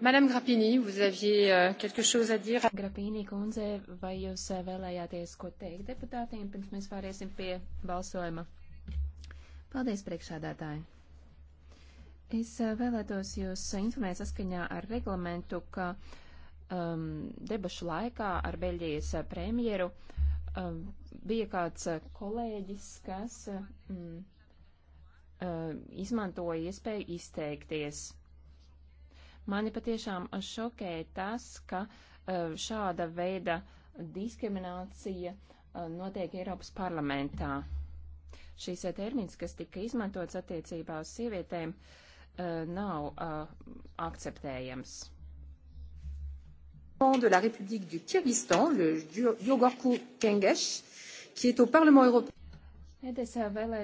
Madame Grappini, vous aviez euh, quelque chose à dire? Grappini kundze, vai jūs eh, vēlējāties ko teikt deputātiem, pirms mēs pāriesim pie balsojuma? Paldies, priekšādātāji! Es eh, vēlētos jūs informēt saskaņā ar reglamentu, ka um, debašu laikā ar Beļģijas eh, premjeru um, bija kāds kolēģis, kas um, um, izmantoja iespēju izteikties Mani patiešām šokēja tas, ka e, šāda veida diskriminācija e, notiek Eiropas parlamentā. Šīs e, termins, kas tika izmantots attiecībā uz sievietēm, nav akceptējams. de la République du Kyrgyzstan, le Yogorku Kengesh, qui est au Parlement européen.